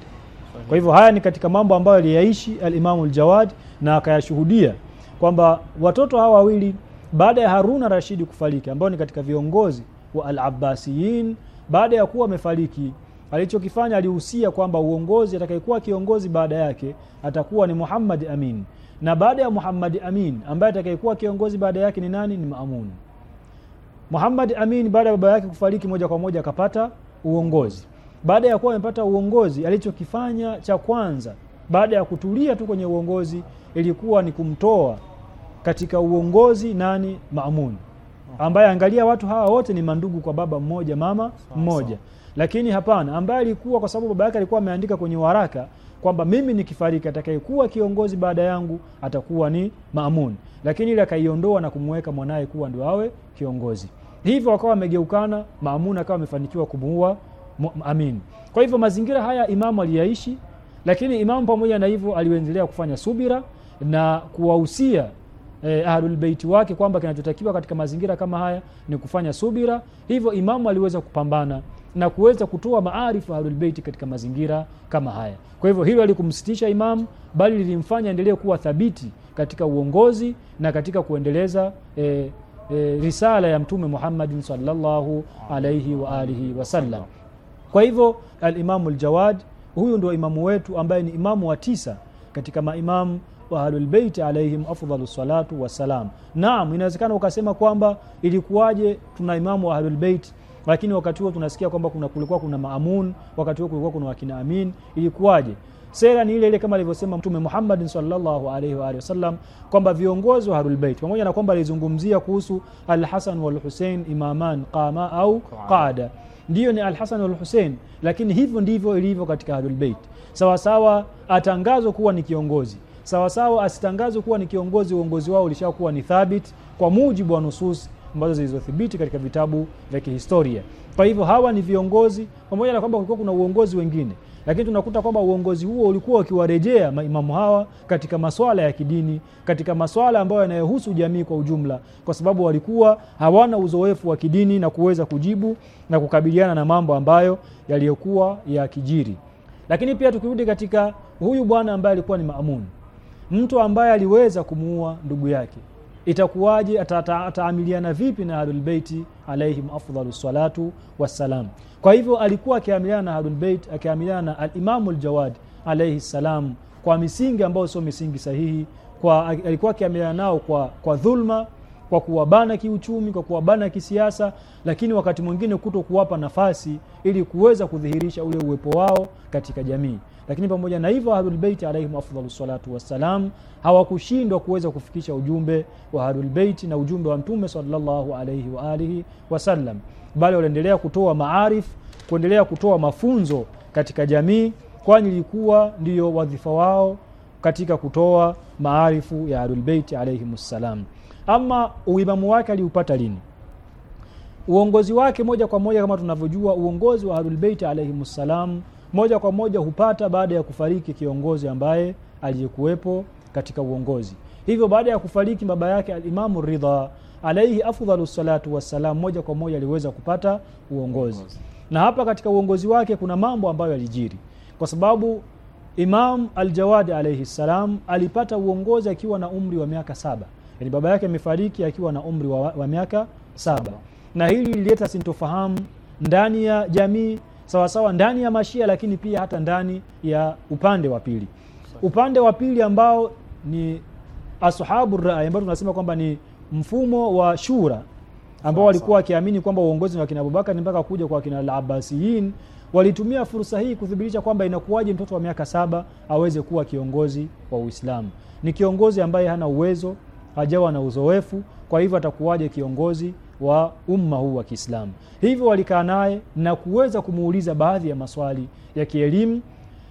Kwa hivyo haya ni katika mambo ambayo aliyaishi al-Imam al-Jawad na akayashuhudia kwamba watoto hawa wawili baada ya Harun ar-Rashid kufariki ambao ni katika viongozi wa al-Abbasiyin baada ya kuwa amefariki alichokifanya alihusia kwamba uongozi atakayekuwa kiongozi baada yake atakuwa ni Muhammad Amin na baada ya Muhammad Amin ambaye atakayekuwa kiongozi baada yake ni nani? Ni Maamun. Muhammad Amin baada ya baba yake kufariki, moja kwa moja akapata uongozi. Baada ya kuwa amepata uongozi, alichokifanya cha kwanza baada ya kutulia tu kwenye uongozi ilikuwa ni kumtoa katika uongozi nani? Maamun, ambaye angalia, watu hawa wote ni mandugu kwa baba mmoja mama mmoja, lakini hapana, ambaye alikuwa kwa sababu baba yake alikuwa ameandika kwenye waraka kwamba mimi nikifariki atakayekuwa kiongozi baada yangu atakuwa ni Maamun, lakini ile akaiondoa na kumweka mwanaye kuwa ndio awe kiongozi. Hivyo wakawa wamegeukana, Maamun akawa amefanikiwa kumuua Amin. Kwa hivyo mazingira haya Imamu aliyaishi, lakini Imamu pamoja na hivyo aliendelea kufanya subira na kuwahusia eh, ahlulbeiti wake kwamba kinachotakiwa katika mazingira kama haya ni kufanya subira. Hivyo Imamu aliweza kupambana na kuweza kutoa maarifa ahlulbeiti katika mazingira kama haya kwa hivyo hilo alikumsitisha imam bali lilimfanya endelee kuwa thabiti katika uongozi na katika kuendeleza e, e, risala ya mtume muhammadin salllahu alaihi waalihi wasallam kwa hivyo alimamu ljawad huyu ndio imamu wetu ambaye ni imamu wa tisa katika maimamu wa ahlulbeiti alaihim afdhalu salatu wassalam naam inawezekana ukasema kwamba ilikuwaje tuna imamu wa ahlulbeiti lakini wakati huo tunasikia kwamba kuna kulikuwa kuna maamun wakati huo kulikuwa kuna wakina amin ilikuwaje sera ni ile ile kama alivyosema mtume Muhammad sallallahu alaihi wa wasallam kwamba viongozi wa Ahlul Bait pamoja na kwamba alizungumzia kuhusu Al-Hasan wal Hussein imaman qama au qada ndiyo ni Al-Hasan wal Hussein lakini hivyo ndivyo ilivyo katika Ahlul Bait sawa sawa atangazwe kuwa ni kiongozi sawa sawa asitangazwe kuwa ni kiongozi uongozi wao ulishakuwa ni thabit kwa mujibu wa nusus ambazo zilizothibiti katika vitabu vya kihistoria. Kwa hivyo hawa ni viongozi, pamoja na kwamba kulikuwa kuna uongozi wengine, lakini tunakuta kwamba uongozi huo ulikuwa ukiwarejea maimamu hawa katika maswala ya kidini, katika maswala ambayo yanayohusu jamii kwa ujumla, kwa sababu walikuwa hawana uzoefu wa kidini na kuweza kujibu na kukabiliana na mambo ambayo yaliyokuwa ya kijiri. Lakini pia tukirudi katika huyu bwana ambaye alikuwa ni maamuni mtu ambaye aliweza kumuua ndugu yake itakuwaje ataamiliana ata, vipi na ahlul beiti alaihim afdalu salatu wassalam kwa hivyo alikuwa akiamiliana na ahlul akiamiliana na alimamu aljawad alaihi salam kwa misingi ambayo sio misingi sahihi kwa alikuwa akiamiliana nao kwa kwa dhulma kwa kuwabana kiuchumi kwa kuwabana kisiasa lakini wakati mwingine kuto kuwapa nafasi ili kuweza kudhihirisha ule uwepo wao katika jamii lakini pamoja na hivyo ahlulbeiti alaihim afdalu salatu wassalam hawakushindwa kuweza kufikisha ujumbe wa ahlulbeiti na ujumbe wa mtume salllahu alaihi waalihi wasallam bali waliendelea kutoa maarif kuendelea kutoa mafunzo katika jamii kwani ilikuwa ndiyo wadhifa wao katika kutoa maarifu ya ahlulbeiti alaihim ssalam ama uimamu wake aliupata lini uongozi wake moja kwa moja kama tunavyojua uongozi wa ahlulbeiti alaihim ssalam moja kwa moja hupata baada ya kufariki kiongozi ambaye aliyekuwepo katika uongozi hivyo baada ya kufariki baba yake alimamu ridha alaihi afdhalu salatu wassalam moja kwa moja aliweza kupata uongozi, uongozi. na hapa katika uongozi wake kuna mambo ambayo alijiri kwa sababu imam aljawadi alaihi ssalam alipata uongozi akiwa na umri wa miaka saba yani baba yake amefariki akiwa na umri wa, wa miaka saba na hili lilileta sintofahamu ndani ya jamii sawasawa ndani ya mashia lakini pia hata ndani ya upande wa pili upande wa pili ambao ni ashabu rai ambao tunasema kwamba ni mfumo wa shura ambao walikuwa wakiamini kwamba uongozi wa kina Abubakar mpaka kuja kwa kina al walitumia fursa hii kuthibitisha kwamba inakuwaje mtoto wa miaka saba aweze kuwa kiongozi wa Uislamu. Ni kiongozi ambaye hana uwezo, hajawa na uzoefu, kwa hivyo atakuwaje kiongozi wa umma huu wa Kiislamu. Hivyo walikaa naye na kuweza kumuuliza baadhi ya maswali ya kielimu.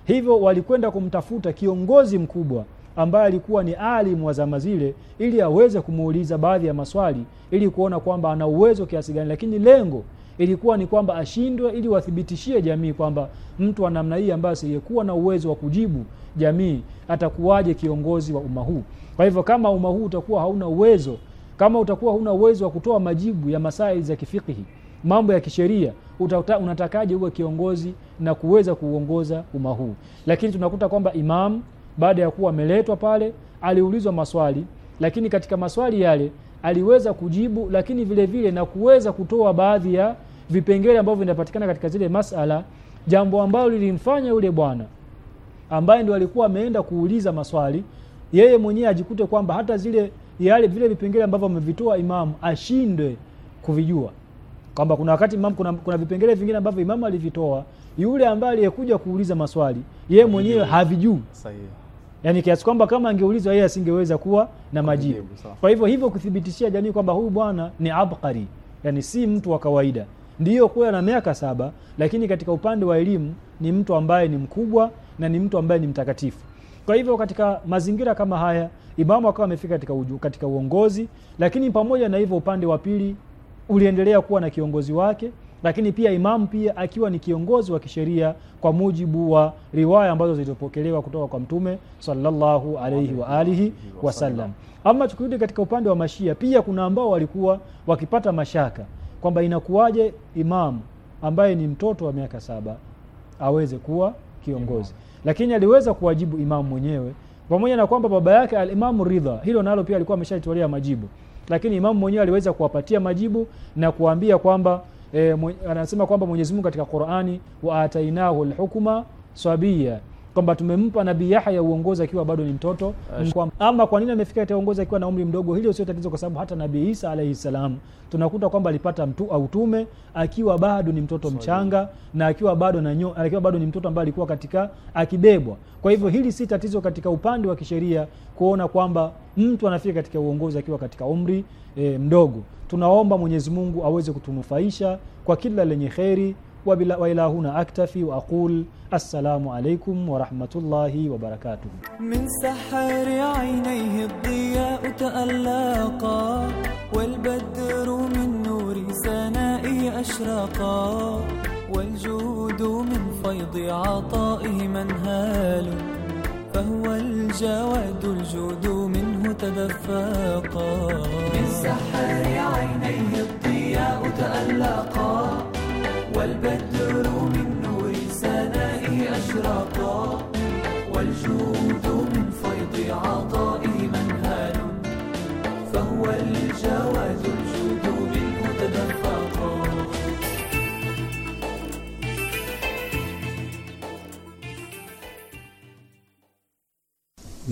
Hivyo walikwenda kumtafuta kiongozi mkubwa ambaye alikuwa ni alimu wa zama zile, ili aweze kumuuliza baadhi ya maswali ili kuona kwamba ana uwezo kiasi gani, lakini lengo ilikuwa ni kwamba ashindwe, ili wathibitishie jamii kwamba mtu wa namna hii ambaye asiyekuwa na uwezo wa kujibu jamii atakuwaje kiongozi wa umma huu? Kwa hivyo kama umma huu utakuwa hauna uwezo kama utakuwa huna uwezo wa kutoa majibu ya masaili za kifikihi mambo ya kisheria unatakaje uwe kiongozi na kuweza kuuongoza umma huu lakini tunakuta kwamba imamu baada ya kuwa ameletwa pale aliulizwa maswali lakini katika maswali yale aliweza kujibu lakini vile vile na kuweza kutoa baadhi ya vipengele ambavyo vinapatikana katika zile masala jambo ambalo lilimfanya yule bwana ambaye ndo alikuwa ameenda kuuliza maswali yeye mwenyewe ajikute kwamba hata zile yale vile vipengele ambavyo amevitoa imamu ashindwe kuvijua kwamba kuna wakati imamu, kuna, kuna vipengele vingine ambavyo imamu alivitoa yule ambaye aliyekuja kuuliza maswali yeye mwenyewe havijui sahihi yaani kiasi kwamba kama angeulizwa yeye asingeweza kuwa na majibu kwa hivyo hivyo kuthibitishia jamii kwamba huyu bwana ni abari yani si mtu wa kawaida ndiyo kuwa na miaka saba lakini katika upande wa elimu ni mtu ambaye ni mkubwa na ni mtu ambaye ni mtakatifu kwa hivyo katika mazingira kama haya imamu akawa amefika katika, uju, katika uongozi lakini pamoja na hivyo upande wa pili uliendelea kuwa na kiongozi wake lakini pia imamu pia akiwa ni kiongozi wa kisheria kwa mujibu wa riwaya ambazo zilizopokelewa kutoka kwa mtume salllahu alaihi wa alihi wasallam ama tukirudi katika upande wa mashia pia kuna ambao walikuwa wakipata mashaka kwamba inakuwaje imamu ambaye ni mtoto wa miaka saba aweze kuwa kiongozi Imam lakini aliweza kuwajibu imamu mwenyewe pamoja na kwamba baba yake alimamu ridha hilo nalo pia alikuwa ameshaitolea majibu lakini imamu mwenyewe aliweza kuwapatia majibu na kuambia kwamba e, anasema kwamba Mwenyezi Mungu katika Qur'ani wa atainahu alhukma sabiya kwamba tumempa Nabii Yahya uongozi akiwa bado ni mtoto Ama kwa nini amefika katika uongozi akiwa na umri mdogo? Hilo sio tatizo, kwa sababu hata Nabii Isa alaihi salam tunakuta kwamba alipata mtu autume akiwa bado ni mtoto mchanga na akiwa bado na nyo, akiwa bado ni mtoto ambaye alikuwa katika akibebwa. Kwa hivyo hili si tatizo katika upande wa kisheria kuona kwamba mtu anafika katika uongozi akiwa katika umri e, mdogo. Tunaomba Mwenyezi Mungu aweze kutunufaisha kwa kila lenye kheri وإلى هنا أكتفي وأقول السلام عليكم ورحمة الله وبركاته من سحر عينيه الضياء تألاقا والبدر من نور سنائه أشرقا والجود من فيض عطائه منهال فهو الجواد الجود منه تدفاقا من سحر عينيه الضياء تألقا بعطائه منهال فهو الجواد الجود منه تدفقا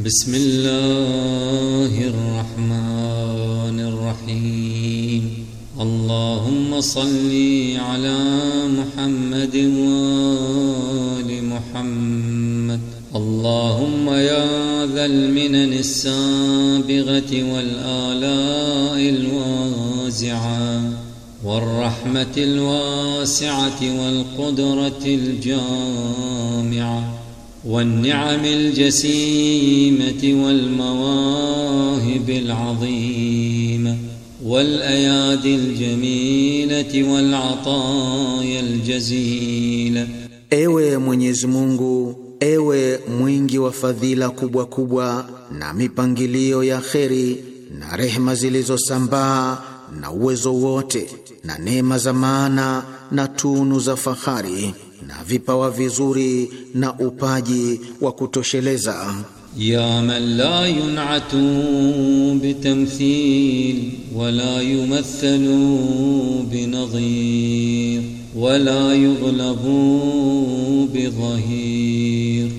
بسم الله الرحمن الرحيم اللهم صل على محمد وآل المنن السابغة والآلاء الوازعة والرحمة الواسعة والقدرة الجامعة والنعم الجسيمة والمواهب العظيمة والأيادي الجميلة والعطايا الجزيلة أيوة منيز مونغو أيوة wingi wa fadhila kubwa kubwa na mipangilio ya kheri na rehema zilizosambaa na uwezo wote na neema za maana na tunu za fahari na vipawa vizuri na upaji wa kutosheleza. ya man la yun'atu bitamthil wa la yumathalu binadhir wa la yughlabu bidhahir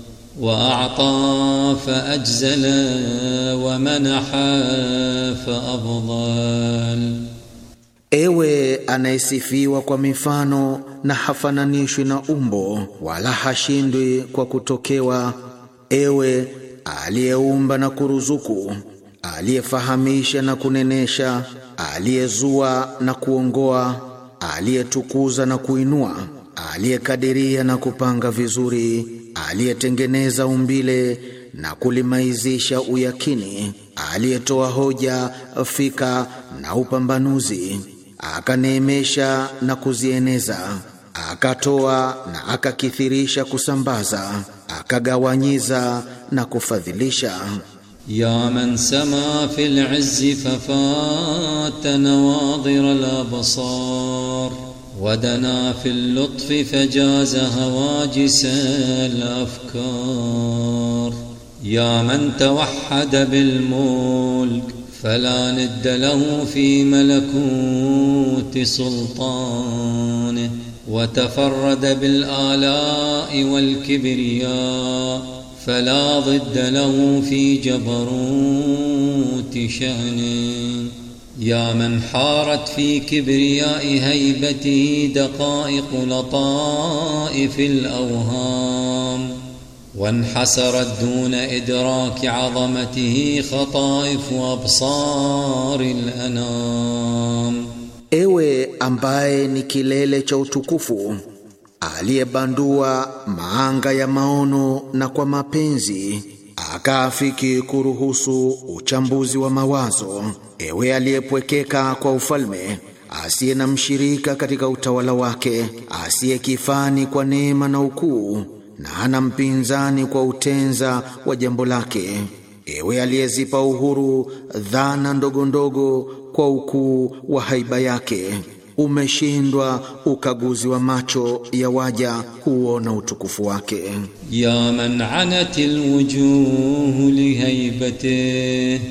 وأعطى فأجزلا ومنح فأفضل Ewe anayesifiwa kwa mifano na hafananishwi na umbo wala hashindwi kwa kutokewa, ewe aliyeumba na kuruzuku, aliyefahamisha na kunenesha, aliyezua na kuongoa, aliyetukuza na kuinua, aliyekadiria na kupanga vizuri aliyetengeneza umbile na kulimaizisha uyakini, aliyetoa hoja, fika na upambanuzi, akaneemesha na kuzieneza, akatoa na akakithirisha kusambaza, akagawanyiza na kufadhilisha ya man sama fil izzi fafata nawadhira labasar ودنا في اللطف فجاز هواجس الأفكار يا من توحد بالملك فلا ند له في ملكوت سلطانه وتفرد بالآلاء والكبرياء فلا ضد له في جبروت شأنه يا من حارت في كبرياء هيبته دقائق لطائف الأوهام وانحسرت دون إدراك عظمته خطائف وأبصار الأنام Ewe ambaye ni kilele cha utukufu aliyebandua maanga ya maono na kwa mapenzi akaafiki kuruhusu uchambuzi wa mawazo. Ewe aliyepwekeka kwa ufalme, asiye na mshirika katika utawala wake, asiye kifani kwa neema na ukuu, na ana mpinzani kwa utenza wa jambo lake. Ewe aliyezipa uhuru dhana ndogo ndogo kwa ukuu wa haiba yake umeshindwa ukaguzi wa macho ya waja kuona utukufu wake. ya man anatil wujuh lihaybatihi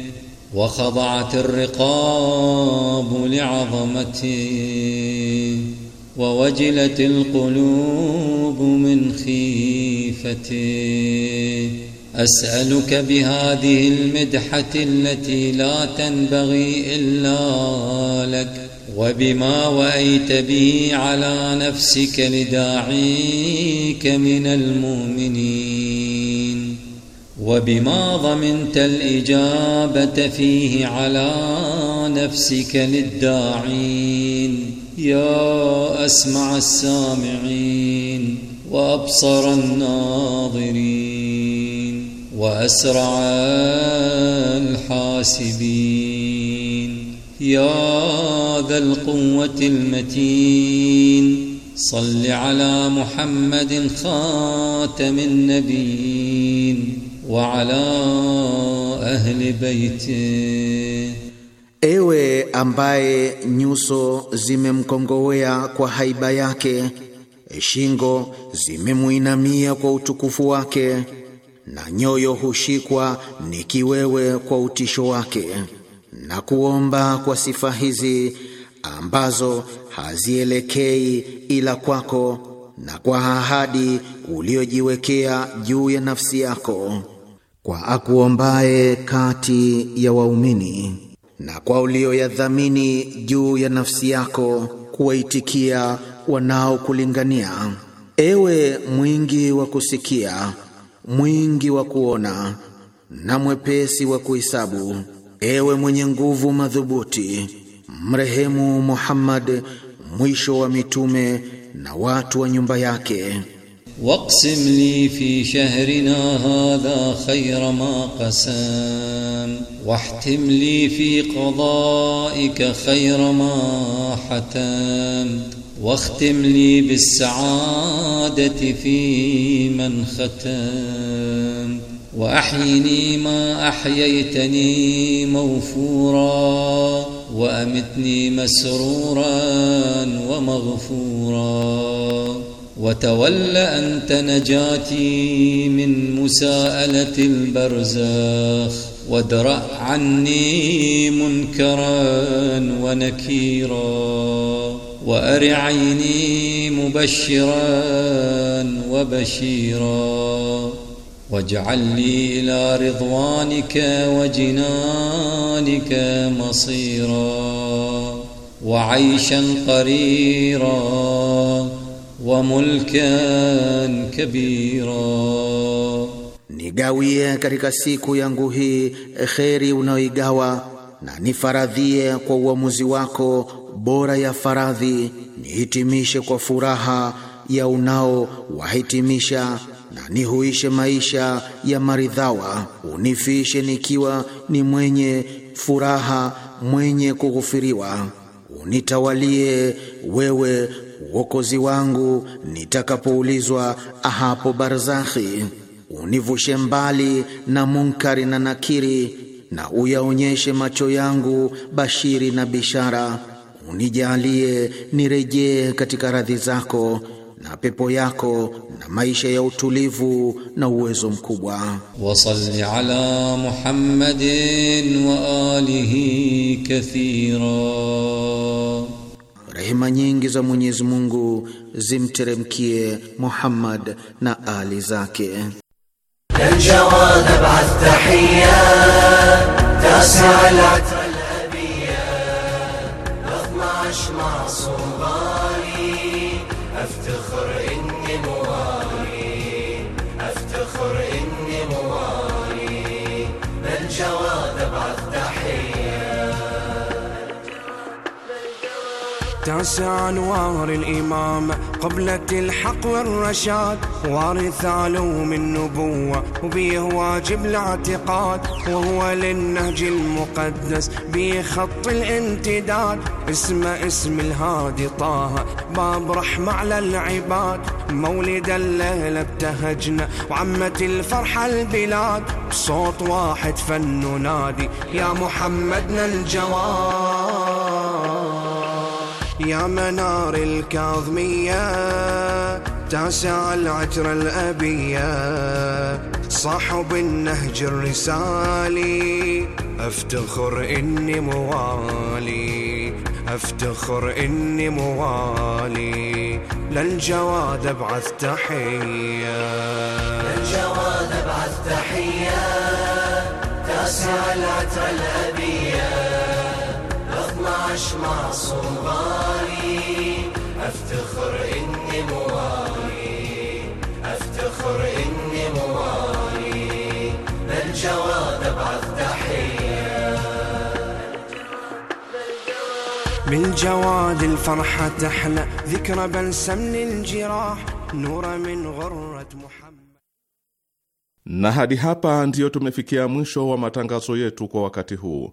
wa khada'at arriqab li'azamati wa wajilat alqulub min khifati أسألك بهذه المدحة التي لا تنبغي إلا لك وبما وأيت به على نفسك لداعيك من المؤمنين وبما ضمنت الإجابة فيه على نفسك للداعين يا أسمع السامعين وأبصر الناظرين وأسرع الحاسبين يا ذا القوة المتين صل على محمد خاتم النبيين وعلى أهل بيته Ewe ambaye nyuso zimemkongowea kwa haiba yake, shingo zimemwinamia kwa utukufu wake, na nyoyo hushikwa ni kiwewe kwa utisho wake na kuomba kwa sifa hizi ambazo hazielekei ila kwako na kwa ahadi uliojiwekea juu ya nafsi yako kwa akuombaye kati ya waumini na kwa ulioyadhamini juu ya nafsi yako kuwaitikia wanaokulingania. Ewe mwingi wa kusikia, mwingi wa kuona na mwepesi wa kuhesabu. Ewe mwenye nguvu madhubuti, mrehemu Muhammad, mwisho wa mitume na watu wa nyumba yake. waqsim li fi shahrina hadha khayra ma qasam wahtim li fi qada'ika khayra ma hatam واختم لي بالسعادة في من ختمت وأحيني ما أحييتني موفورا وأمتني مسرورا ومغفورا وتول أنت نجاتي من مساءلة البرزاخ وادرأ عني منكرا ونكيرا وأر عيني مبشرا وبشيرا لي إلى رضوانك وجنانك مصيرا وعيشا قريرا وملكا كبيرا nigawie katika siku yangu hii kheri unayoigawa na nifaradhie kwa uamuzi wako bora ya faradhi, nihitimishe kwa furaha ya unaowahitimisha na nihuishe maisha ya maridhawa, unifishe nikiwa ni mwenye furaha, mwenye kughufiriwa. Unitawalie wewe uokozi wangu nitakapoulizwa hapo barzakhi. Univushe mbali na munkari na nakiri, na uyaonyeshe macho yangu bashiri na bishara. Unijalie nirejee katika radhi zako na pepo yako na maisha ya utulivu na uwezo mkubwa. salli ala Muhammadin wa alihi kathira, rehema nyingi za Mwenyezi Mungu zimteremkie Muhammad na ali zake. تاسع أنوار الإمامة قبلة الحق والرشاد وارث علوم النبوة وبيه واجب الاعتقاد وهو للنهج المقدس بخط الامتداد اسمه اسم الهادي طه باب رحمة على العباد مولد الليلة ابتهجنا وعمت الفرحة البلاد صوت واحد فن نادي يا محمدنا الجواد يا منار الكاظمية تاسع العتر الأبية صاحب النهج الرسالي أفتخر إني موالي أفتخر إني موالي للجواد أبعث تحية للجواد أبعث تحية تاسع العتر الأبية أشمع صنباري أفتخر إني مواري أفتخر إني مواري للجواد أبعث تحية بالجواد الفرحة تحلى ذكرى بلسم للجراح نورا من غرة محمد na hadi hapa ndiyo tumefikia mwisho wa matangazo yetu kwa wakati huu